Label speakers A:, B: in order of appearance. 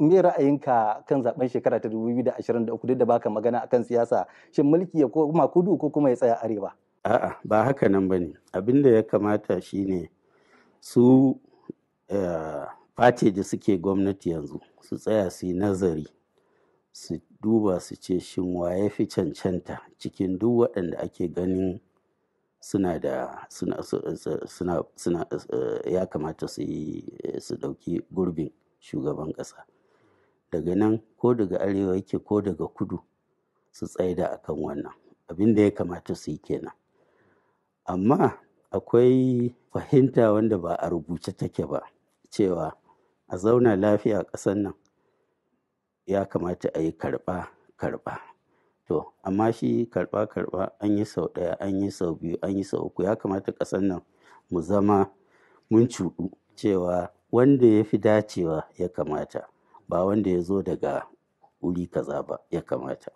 A: me ra'ayinka kan zaben shekara ta 2023 duk da baka magana akan siyasa shin mulki ya koma kudu ko kuma ya tsaya arewa
B: a'a ba haka nan bane abin da ya kamata shine su face eh, da suke gwamnati yanzu su tsaya su nazari su duba su ce shin waye fi cancanta cikin duk waɗanda ake ganin suna da suna eh, ya kamata su yi eh, su ɗauki gurbin shugaban ƙasa daga nan ko daga arewa yake ko daga kudu su tsaida a kan wannan abin da ya kamata su yi kenan amma akwai fahimta wanda ba a rubuce take ba cewa a zauna lafiya ƙasar nan ya kamata a yi karɓa-karɓa to amma shi karɓa-karɓa an yi sau ɗaya an yi sau biyu an yi sau uku ya kamata ƙasar nan mu zama mun cuɗu cewa wanda ya fi dacewa ya kamata ba wanda ya zo daga wuri kaza ba ya kamata